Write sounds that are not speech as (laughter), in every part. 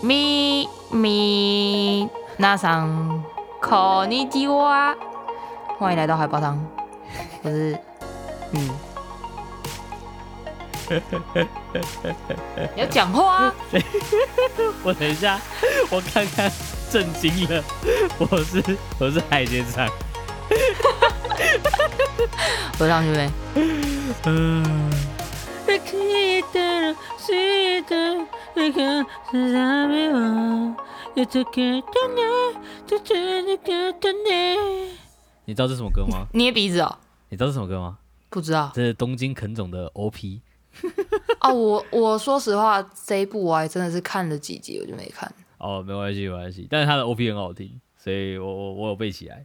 咪咪，那桑，靠你幾哇？歡迎來到海報湯。可是？嗯， (laughs) 你要講話。我等一下，我看看，震驚了，我是我是海學長，我上去沒？嗯。你知道這什麼歌嗎？捏鼻子哦！你知道這什麼歌嗎？不知道。這是東京喰種的 OP。 (laughs) 哦。我我說實話， (laughs) 這一部我還真的是看了幾集，我就沒看。哦，沒關係，沒關係。但是它的 OP 很好聽，所以我我我有背起來。哦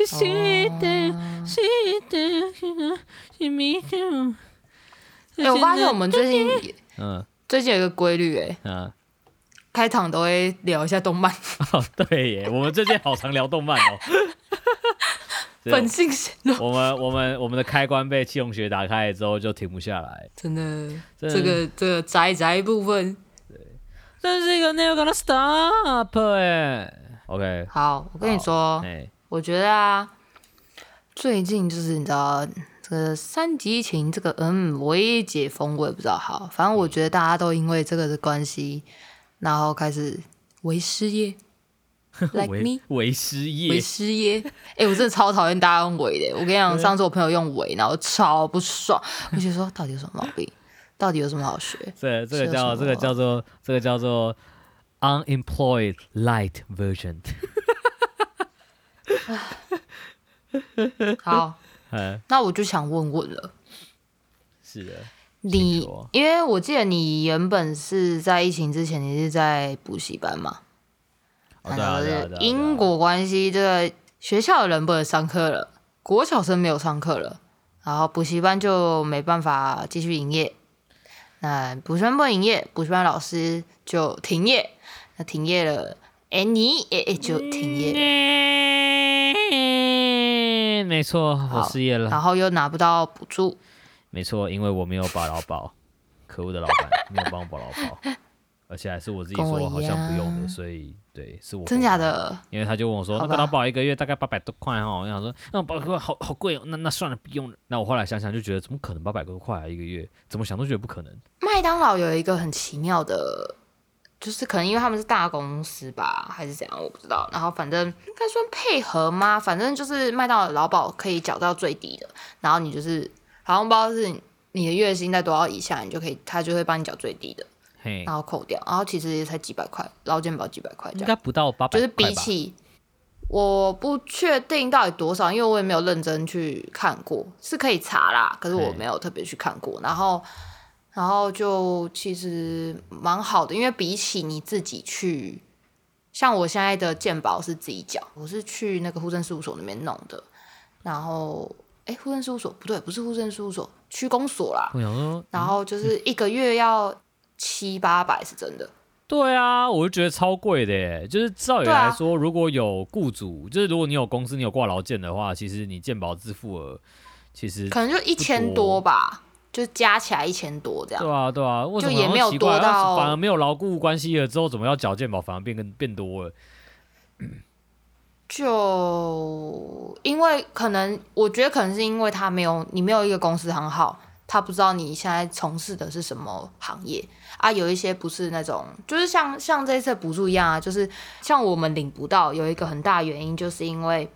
(laughs) 哎、欸、我發現我們最近，嗯，最近有一個規律、欸，哎，嗯，開場都會聊一下動漫。哦，對耶，哎， (laughs) 我們最近好常聊動漫哦、喔。本性顯的我們 (laughs) 我們我們,我們的開關被氣溶學打開之後就停不下來。真的，真的這個這個宅宅部分，對，這是一個 never gonna stop，哎，OK，好，我跟你說、哦，我覺得啊，最近就是你知道。這個三級琴，這個嗯，微解封我也不知道好，反正我覺得大家都因為這個的關係，嗯、然後開始微失業，like me 微失業微失業，哎、like (laughs) (laughs) 欸，我真的超討厭大家用微的。我跟你講， (laughs) 上次我朋友用微，然後超不爽，我 (laughs) 就說到底有什麼毛病？到底有什麼好學？這這個叫這個叫做這個叫做 unemployed light version， (laughs) (laughs) 好。 (noise) 那我就想問問了，是的，你因為我記得你原本是在疫情之前，你是在補習班嘛？然後對因果關係，這個學校的人不能上課了，國小生沒有上課了，然後補習班就沒辦法繼續營業。那補習班不營業，補習班老師就停業。那停業了，欸、欸、你也也就停業。沒錯，我失業了，然後又拿不到補助。沒錯，因為我沒有保勞保， (laughs) 可惡的老板沒有幫我保勞保， (laughs) 而且還是我自己說好像不用的，所以對，是我的。真假的？因為他就問我說，那個勞保一個月大概八百多塊哈、哦，我想說那八百塊好好貴哦，那那算了，不用了。那我後來想想就覺得，怎麼可能八百多塊、啊、一個月？怎麼想都覺得不可能。麥當勞有一個很奇妙的。就是可能因為他們是大公司吧，還是怎樣，我不知道。然後反正應該算配合嗎？反正就是賣到勞保可以繳到最低的，然後你就是好像不知道是你的月薪在多少以下，你就可以他就會幫你繳最低的嘿，然後扣掉。然後其實也才幾百塊，勞健保幾百塊，應該不到八百。就是比起我不確定到底多少，因為我也沒有認真去看過，是可以查啦，可是我沒有特別去看過。然後。然後就其實蠻好的，因為比起你自己去，像我現在的健保是自己繳，我是去那個戶政事務所那邊弄的。然後，哎，戶政事務所不對，不是戶政事務所，區公所啦、嗯。然後就是一個月要七八百，是真的。對啊，我就覺得超貴的耶，就是照理來說、啊，如果有雇主，就是如果你有公司，你有掛勞健的話，其實你健保自付額其實可能就一千多吧。就加起來一千多這樣。對啊，對啊，就也沒有多到，反而沒有勞雇關係了之後，怎麼要繳健保反而變更變多了？就因為可能，我覺得可能是因為他沒有，你沒有一個公司很好，他不知道你現在從事的是什麼行業啊。有一些不是那種，就是像像這次補助一樣啊，就是像我們領不到，有一個很大原因，就是因為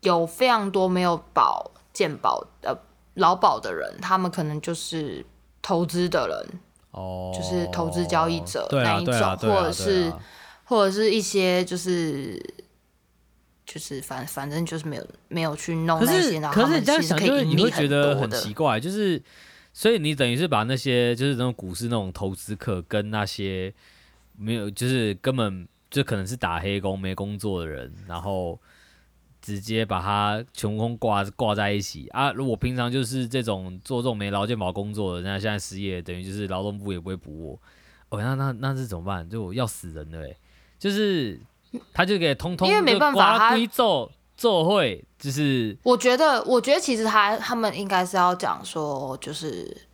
有非常多沒有保健保的。勞保的人，他們可能就是投資的人，哦、oh,，就是投資交易者那一種，啊啊、或者是，啊啊啊，或者是一些就是，就是反反正就是沒有沒有去弄那些，是然後他們其實可以你會覺得很奇怪，就是所以你等於是把那些就是那種股市那種投資客，跟那些沒有就是根本就可能是打黑工沒工作的人，然後。直接把它全空掛掛在一起啊！如果平常就是這種做這種沒勞健保工作的，那現在失業等於就是勞動部也不會補我，哦，那那那是怎麼辦？就要死人了，就是他就給通通就瓜歸，因為沒辦法做做會，就是我覺得，我覺得其實他他們應該是要講說，就是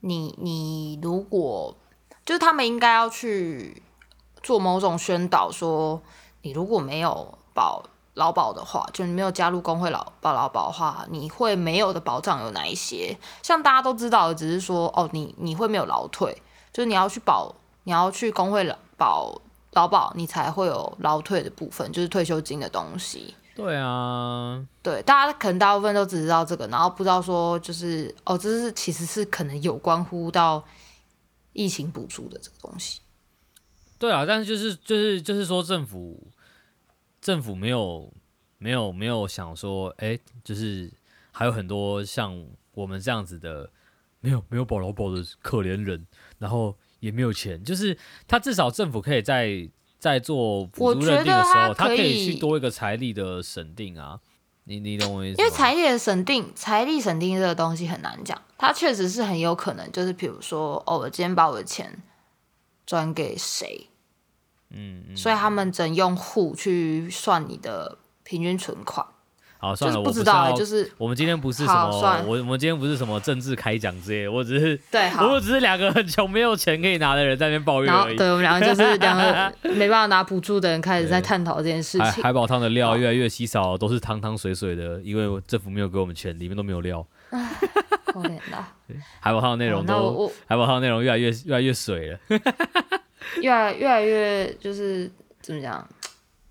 你你如果就是他們應該要去做某種宣導，說你如果沒有保。勞保的話，就你沒有加入工會勞保，勞保的話，你會沒有的保障有哪一些？像大家都知道的，只是說哦，你你會沒有勞退，就是你要去保，你要去工會保勞保，你才會有勞退的部分，就是退休金的東西。對啊，對，大家可能大部分都只知道這個，然後不知道說就是哦，這是其實是可能有關乎到疫情補助的這個東西。對啊，但是就是就是、就是、就是說政府。政府沒有，沒有，沒有想說，誒、欸,就是還有很多像我們這樣子的，沒有，沒有保勞保的可憐人，然後也沒有錢，就是他至少政府可以在在做補助認定的時候他，他可以去多一個財力的審定啊。你你懂我意思嗎？因為財力的審定，財力審定這個東西很難講，它確實是很有可能，就是比如說，哦，我今天把我的錢轉給誰。嗯，嗯，所以他們整用戶去算你的平均存款。好算了，就是、不知道，我知道欸、就是我們今天不是什麼，啊、好算了，我我們今天不是什麼政治開講之類，我只是對，好我只是兩個很窮沒有錢可以拿的人在那邊抱怨而已然後。對，我們兩個就是兩個沒辦法拿補助的人開始在探討這件事情。 (laughs) 海寶湯的料越來越稀少了，都是湯湯水水的，因為政府沒有給我們錢，裡面都沒有料。可海寶湯的內容都、那個，海寶湯的內容越來越越來越水了。 (laughs) 越來越來越就是怎麼講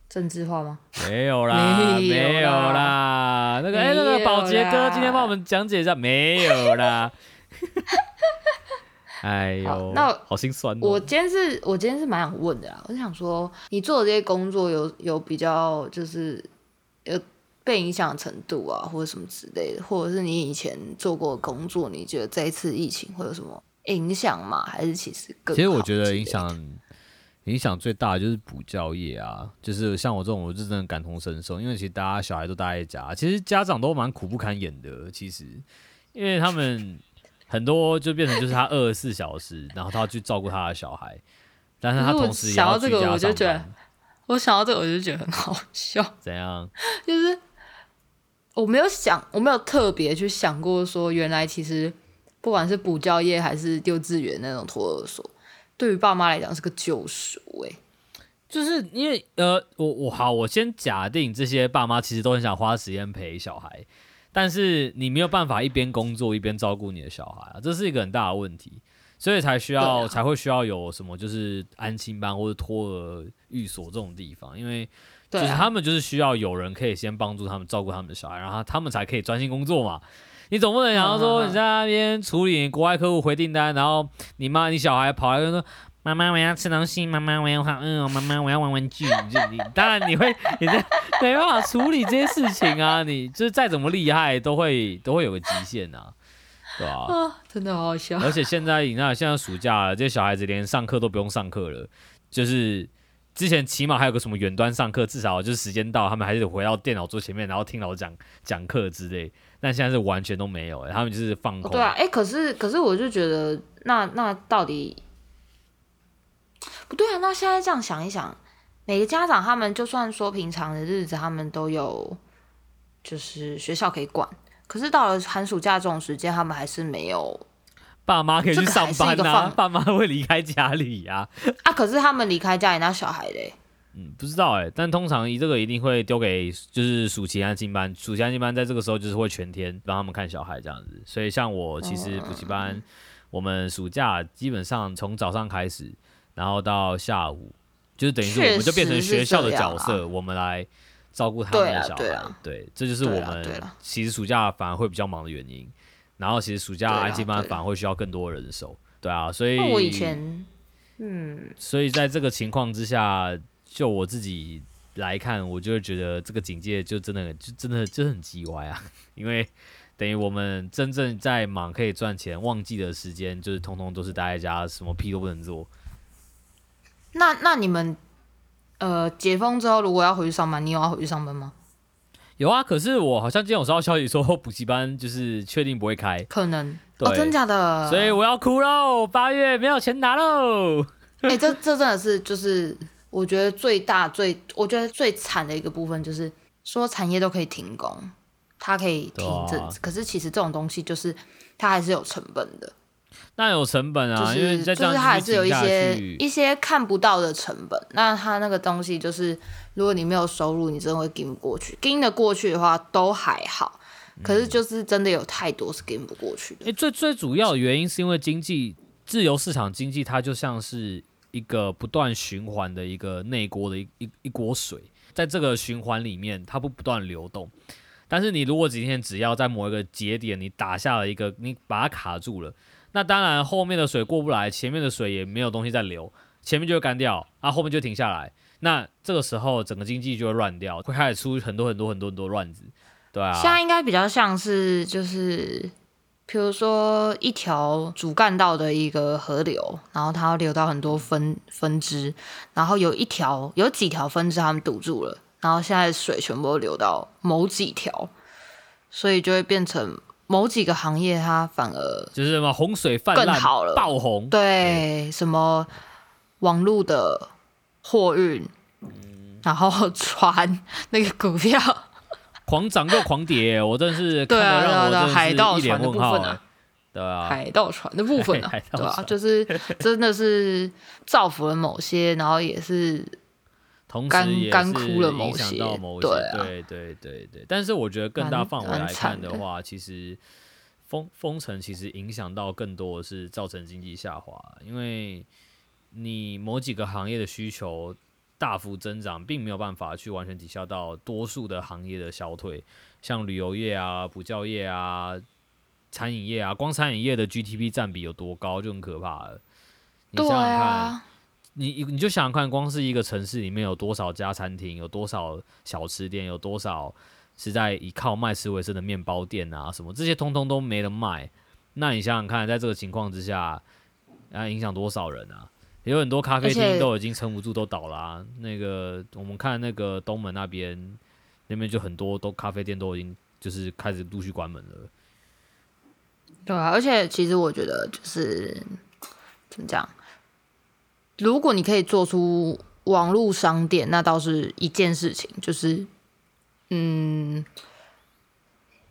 政治化嗎？沒有， (laughs) 沒有啦，沒有啦。那個哎、欸，那個寶傑哥今天幫我們講解一下，沒有啦。 (laughs) 哎呦，好那好心酸喔。我今天是我今天是蠻想問的啦，我想說你做的這些工作有有比較就是有被影響程度啊，或者什麼之類的，或者是你以前做過的工作，你覺得這一次疫情會有什麼？影響嘛？還是其實其實我覺得影響影響最大的就是補教業啊，就是像我這種，我就真的感同身受，因為其實大家小孩都待在家，其實家長都蠻苦不堪言的。其實，因為他們很多就變成就是他二十四小時， (laughs) 然後他要去照顧他的小孩，但是他同時也想到這個，我就覺得我想到這個我，我，這個我就覺得很好笑。怎樣？就是我沒有想，我沒有特別去想過說原來其實。不管是補教業還是丟資源那種托兒所，對於爸媽來講是個救贖哎、欸，就是因為呃，我我好，我先假定這些爸媽其實都很想花時間陪小孩，但是你沒有辦法一邊工作一邊照顧你的小孩，啊，這是一個很大的問題，所以才需要，啊、才會需要有什麼就是安親班或者托兒育所這種地方，因為就是他們就是需要有人可以先幫助他們照顧他們的小孩，然後他們才可以專心工作嘛。你總不能想要說，你在那邊處理你國外客戶回訂單，嗯，然後你媽你小孩跑來跟說，媽媽我要吃東西，媽媽我要看嗯，媽媽我要玩玩具，你 (laughs) 就你當然你會你這沒辦法處理這些事情啊，你就是再怎麼厲害都會都會有個極限吶，啊，對吧，啊。啊、哦，真的好，好笑！而且現在你看，現在暑假了，這些小孩子連上課都不用上課了，就是。之前起碼還有個什麼遠端上課，至少就是時間到，他們還是回到電腦桌前面，然後聽老師講講課之類。但現在是完全都沒有、欸、他們就是放空。哦、對啊，哎、欸，可是可是我就覺得，那那到底不對啊？那現在這樣想一想，每個家長他們就算說平常的日子他們都有，就是學校可以管，可是到了寒暑假這種時間，他們還是沒有。爸媽可以去上班啊，這個、爸媽會離開家裡呀。啊， (laughs) 啊可是他們離開家裡那小孩嘞？嗯，不知道哎、欸。但通常這個一定會丟給就是暑期安心班，暑期安心班在這個時候就是會全天幫他們看小孩這樣子。所以像我其實補習班、哦，我們暑假基本上從早上開始，然後到下午，嗯、就是等於說我們就變成學校的角色，啊、我們來照顧他們的小孩。對啊，對啊，對，這就是我們其實暑假反而會比較忙的原因。然後其實暑假基本上、啊、反而會需要更多人手，對啊，對對啊，所以我以前，嗯，所以在這個情況之下、嗯，就我自己來看，我就會覺得這個警戒就真的就真的就很嘰歪啊，因為等於我們真正在忙可以賺錢旺季的時間，就是通通都是待在家，什麼屁都不能做。那那你們，呃，解封之後如果要回去上班，你有要回去上班嗎？有啊，可是我好像今天有收到消息說補習班就是確定不會開，可能對、哦，真假的，所以我要哭嘍，八月沒有錢拿嘍。哎、 (laughs) 欸，這這真的是就是我覺得最大最我覺得最慘的一個部分就是說，產業都可以停工，它可以停這，啊，可是其實這種東西，就是它還是有成本的。那有成本啊，就是、因為你在就是它還是有一些一些看不到的成本。那它那個東西就是，如果你沒有收入，你真的會跟不過去。跟得過去的話都還好，嗯，可是就是真的有太多是跟不過去的。誒、欸，最最主要的原因是因為經濟自由市場經濟，它就像是一個不斷循環的一個內鍋的一一一鍋水，在這個循環裡面它不不斷流動。但是你如果今天只要在某一個節點，你打下了一個，你把它卡住了。那當然，後面的水過不來，前面的水也沒有東西在流，前面就會乾掉啊，後面就停下來。那這個時候，整個經濟就會亂掉，會開始出很多很多很多很多亂子，對啊。現在應該比較像是就是，譬如說一條主幹道的一個河流，然後它流到很多分分支，然後有一條有幾條分支他們堵住了，然後現在水全部流到某幾條，所以就會變成。某幾個行業，它反而好的就是什麼洪水泛濫、爆紅、嗯，對什麼網絡的貨運，然後船那個股票，嗯、 (laughs) 狂漲又狂跌，欸，我真是對啊對啊，海盜船的部分啊，對啊，海盜船的部分啊，對啊，就是真的是造福了某些，然後也是。同時也是影響到某些，剛剛某些對、啊、對對對對。但是我覺得更大範圍來看的話，的其實封封城其實影響到更多的是造成經濟下滑，因為你某幾個行業的需求大幅增長，並沒有辦法去完全抵消到多數的行業的消退，像旅遊業啊、補教業啊、餐飲業啊，光餐飲業的 GDP 佔比有多高就很可怕了。你想想看，對啊。你你就想想看，光是一個城市裡面有多少家餐廳，有多少小吃店，有多少是在依靠賣吃為生的麵包店啊什麼，這些通通都沒得賣。那你想想看，在這個情況之下，啊，影響多少人啊？有很多咖啡店都已經撐不住，都倒啦啊。那個我們看那個東門那邊，那邊就很多都咖啡店都已經就是開始陸續關門了。對啊，而且其實我覺得就是怎麼講？如果你可以做出網絡商店，那倒是一件事情。就是，嗯，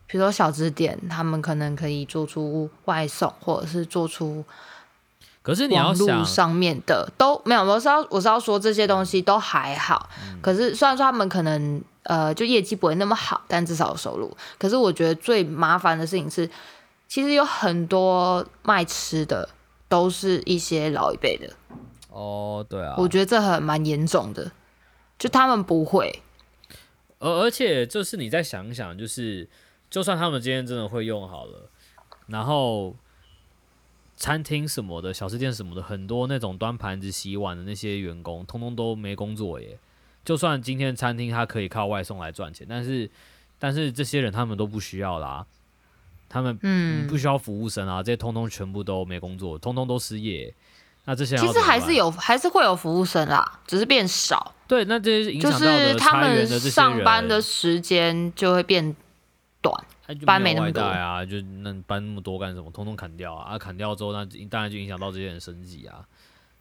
比如說小支點，他們可能可以做出外送，或者是做出，可是你要想上面的都沒有。我是要我是要說這些東西都還好。嗯、可是雖然說他們可能呃就業績不會那麼好，但至少有收入。可是我覺得最麻煩的事情是，其實有很多賣吃的都是一些老一輩的。哦、oh，對啊，我覺得這還蠻嚴重的，就他們不會，而而且就是你再想一想，就是就算他們今天真的會用好了，然後餐廳什麼的，小吃店什麼的，很多那種端盤子、洗碗的那些員工，通通都沒工作耶。就算今天餐廳他可以靠外送來賺錢，但是但是這些人他們都不需要啦，他們嗯不需要服務生啊、嗯，這些通通全部都沒工作，通通都失業。那這些其實還是有，還是會有服務生啦，只是變少。對，那這些，影響到的的這些就是他們上班的時間就會變短。班沒那麼多沒啊，就那班那麼多幹什麼？通通砍掉啊！啊，砍掉之後，那當然就影響到這些人的生計啊。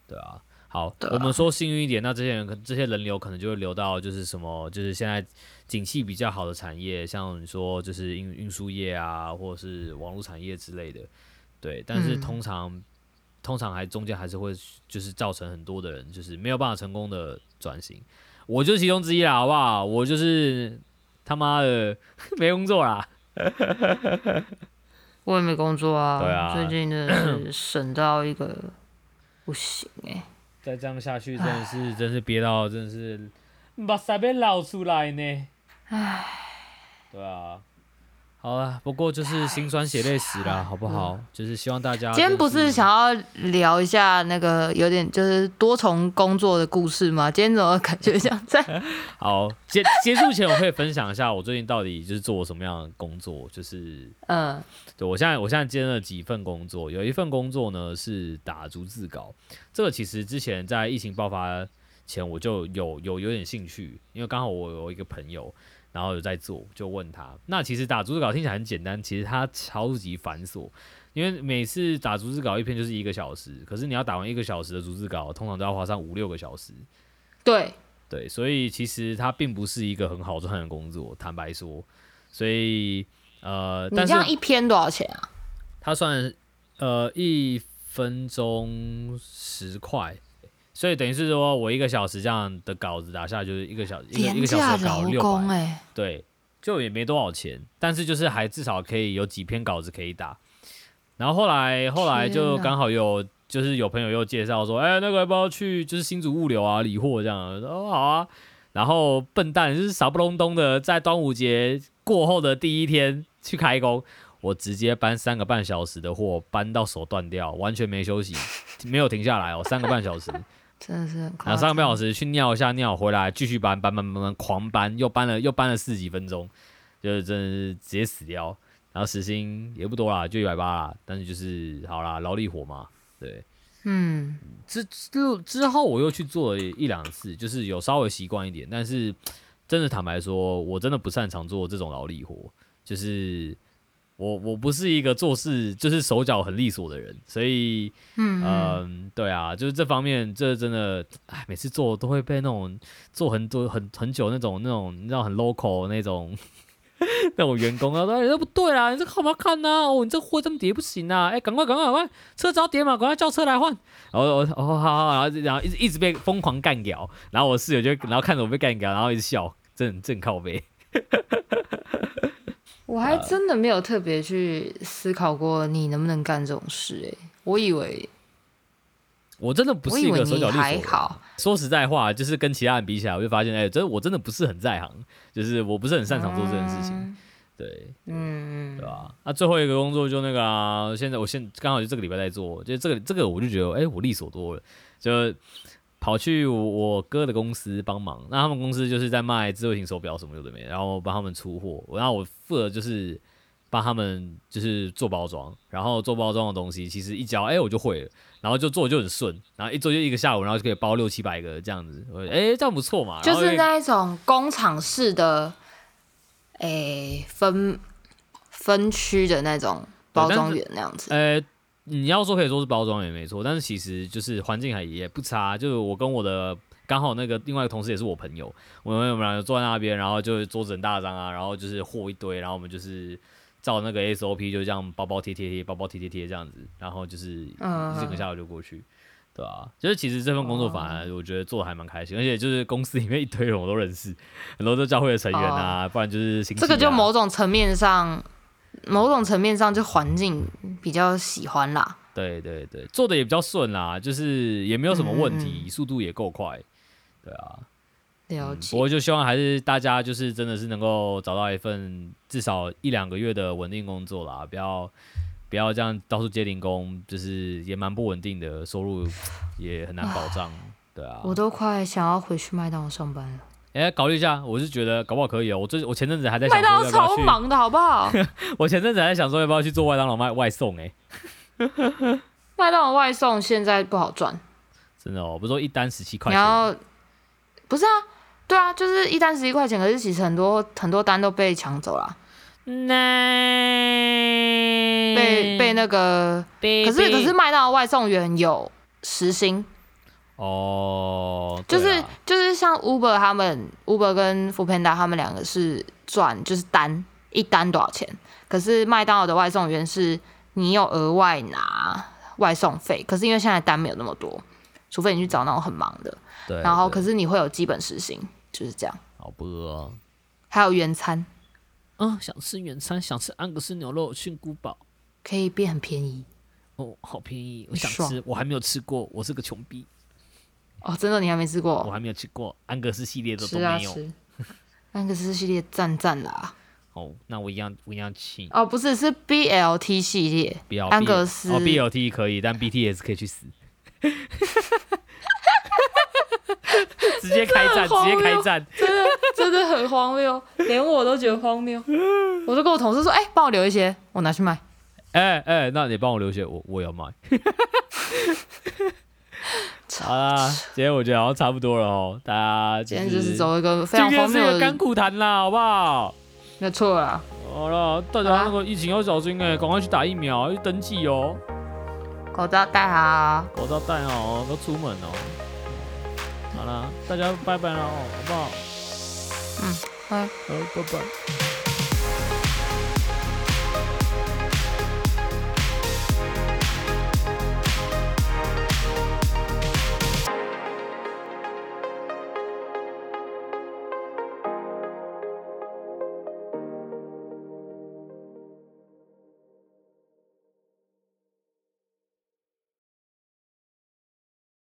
對啊，好，對啊、我們說幸運一點，那這些人可能這些人流可能就會流到就是什麼，就是現在景氣比較好的產業，像你說就是運運輸業啊，或者是網絡產業之類的。對，但是通常、嗯。通常還中間還是會就是造成很多的人就是沒有辦法成功的轉型，我就是其中之一啦，好不好？我就是他媽的沒工作啦，我也沒工作啊，啊，最近真的是省到一個不行哎、欸，再這樣下去真的是真是憋到的真的是把屎邊漏出來呢，唉，對啊。好了，不過就是心酸血淚史啦，好不好、嗯？就是希望大家今天不是想要聊一下那個有點就是多重工作的故事嗎？今天怎麼感覺像在 (laughs) 好……好結結束前，我可以分享一下我最近到底就是做什麼樣的工作？就是嗯，對我現在我現在兼了幾份工作，有一份工作呢是打逐字稿，這個其實之前在疫情爆發。前我就有有有點興趣，因為剛好我有一個朋友，然後有在做，就問他。那其實打逐字稿聽起來很簡單，其實它超級繁瑣，因為每次打逐字稿一篇就是一個小時，可是你要打完一個小時的逐字稿，通常都要花上五六個小時。對對，所以其實它並不是一個很好賺的工作，坦白說。所以呃，你這樣一篇多少錢啊？他算呃一分鐘十塊。所以等於是說，我一個小時這樣的稿子打下來，就是一個小一個一個小時的稿六百。哎，對，就也沒多少錢，但是就是還至少可以有幾篇稿子可以打。然後後來後來就剛好有就是有朋友又介紹說，哎，那個要不要去就是新竹物流啊理貨這樣。哦，好啊。然後笨蛋就是傻不隆咚的在端午節過後的第一天去開工，我直接搬三個半小時的貨，搬到手斷掉，完全沒休息，沒有停下來哦， (laughs) 三個半小時。真的是，然後三個半小時去尿一下尿，回來繼續搬搬搬搬搬，狂搬，又搬了又搬了四十幾分鐘，就是真的是直接死掉。然後死心時薪也不多啦，就一百八啦。但是就是好啦，勞力活嘛，對，嗯。之之後我又去做了一兩次，就是有稍微習慣一點。但是真的坦白說，我真的不擅長做這種勞力活，就是。我我不是一個做事就是手腳很利索的人，所以，嗯，呃、對啊，就是這方面，這真的，哎，每次做都會被那種做很多很很久那種那種，你知道很 local 那種 (laughs) 那種員工啊，都說 (laughs) 你這不對啊，你這看不看吶？哦，你這貨這麼疊不行啊！哎、欸，趕快趕快趕快，車子要疊嘛，趕快叫車來換。然後我哦好好，然後然後一直一直被瘋狂幹掉，然後我室友就然後看着我被幹掉，然後一直笑，正正靠背。 (laughs) 我還真的沒有特別去思考過你能不能幹這種事、欸，哎，我以為，我真的不是，一個手腳利索。說實在話，就是跟其他人比起來，我就發現，哎、欸，真我真的不是很在行，就是我不是很擅長做這件事情。嗯、對，嗯，對吧？那、啊、最後一個工作就那個啊，現在我現剛好就這個禮拜在做，就這個這個，我就覺得，哎、欸，我利索多了，就。跑去我哥的公司幫忙，那他們公司就是在賣智慧型手錶什麼的對不對？然後幫他們出貨，然後我負責就是幫他們就是做包裝，然後做包裝的東西，其實一教哎、欸、我就會了，然後就做就很順，然後一做就一個下午，然後就可以包六七百個這樣子，我覺得哎、欸、這樣不錯嘛，就是那一種工廠式的，哎、欸、分分區的那種包裝員那樣子，哎。你、嗯、要說可以說是包裝也沒錯，但是其實就是環境還也不差。就是我跟我的剛好那個另外一個同事也是我朋友，我們我們兩個坐在那邊，然後就是桌子很大張啊，然後就是貨一堆，然後我們就是照那個 SOP，就這樣包包貼貼貼，包包貼貼貼這樣子，然後就是一整個下午就過去、嗯，對啊，就是其實這份工作反而我覺得做的還蠻開心、哦，而且就是公司裡面一堆人我都認識，很多都教會的成員啊，哦、不然就是、啊、這個就某種層面上。某種層面上就環境比較喜歡啦，對對對，做的也比較順啦，就是也沒有什麼問題，嗯，速度也夠快，對啊。了解。嗯，不過就希望還是大家就是真的是能夠找到一份至少一兩個月的穩定工作啦，不要不要這樣到處接零工，就是也蠻不穩定的，收入也很難保障，對啊。我都快想要回去麥當勞上班了。哎，考慮一下，我是覺得搞不好可以哦。我最我前陣子還在想說要不要去。麥當勞超忙的好不好？ (laughs) 我前陣子還在想說要不要去做麥當勞賣外送哎、欸。麥當勞外送現在不好賺。真的哦，不是說一單十七塊錢然後不是啊，對啊，就是一單十一塊錢，可是其實很多很多單都被搶走了。那被被那個，可是可是,可是麥當勞外送員有時薪。哦、oh，就是、啊、就是像 Uber 他們，Uber 跟 Foodpanda 他們兩個是賺就是單一單多少錢，可是麥當勞的外送員是你有額外拿外送費，可是因為現在單沒有那麼多，除非你去找那種很忙的，對對對，然後可是你會有基本時薪，就是這樣。好不餓、哦，還有原餐，嗯，想吃原餐，想吃安格斯牛肉蕈菇堡，可以變很便宜哦，好便宜，我想吃，我還沒有吃過，我是個窮逼。哦，真的，你還沒吃過？我還沒有吃過安格斯系列的。沒有吃、啊！安格斯系列讚讚啦！哦，那我一樣，我一樣吃。哦，不是，是 BLT 系列，安格斯 BLT, 哦，BLT 可以，但 BTS 可以去死。 (laughs) (laughs) (laughs) 直接開戰，直接開戰， (laughs) 真的真的很荒謬，連我都覺得荒謬。 (laughs) 我就跟我同事說：“哎、欸，幫我留一些，我拿去賣。欸”哎、欸、哎，那你幫我留一些，我我要賣。 (laughs) 好啦，今天我覺得好像差不多了哦、喔，大家今天就是走一個非常豐富的甘苦談啦，好不好？沒錯啦，好了，大家那個疫情要小心哎、欸，趕快去打疫苗，去登記哦、喔，口罩戴好，口罩戴好，都出門哦、喔。好了，大家拜拜了哦，好不好？嗯，好，好，拜拜。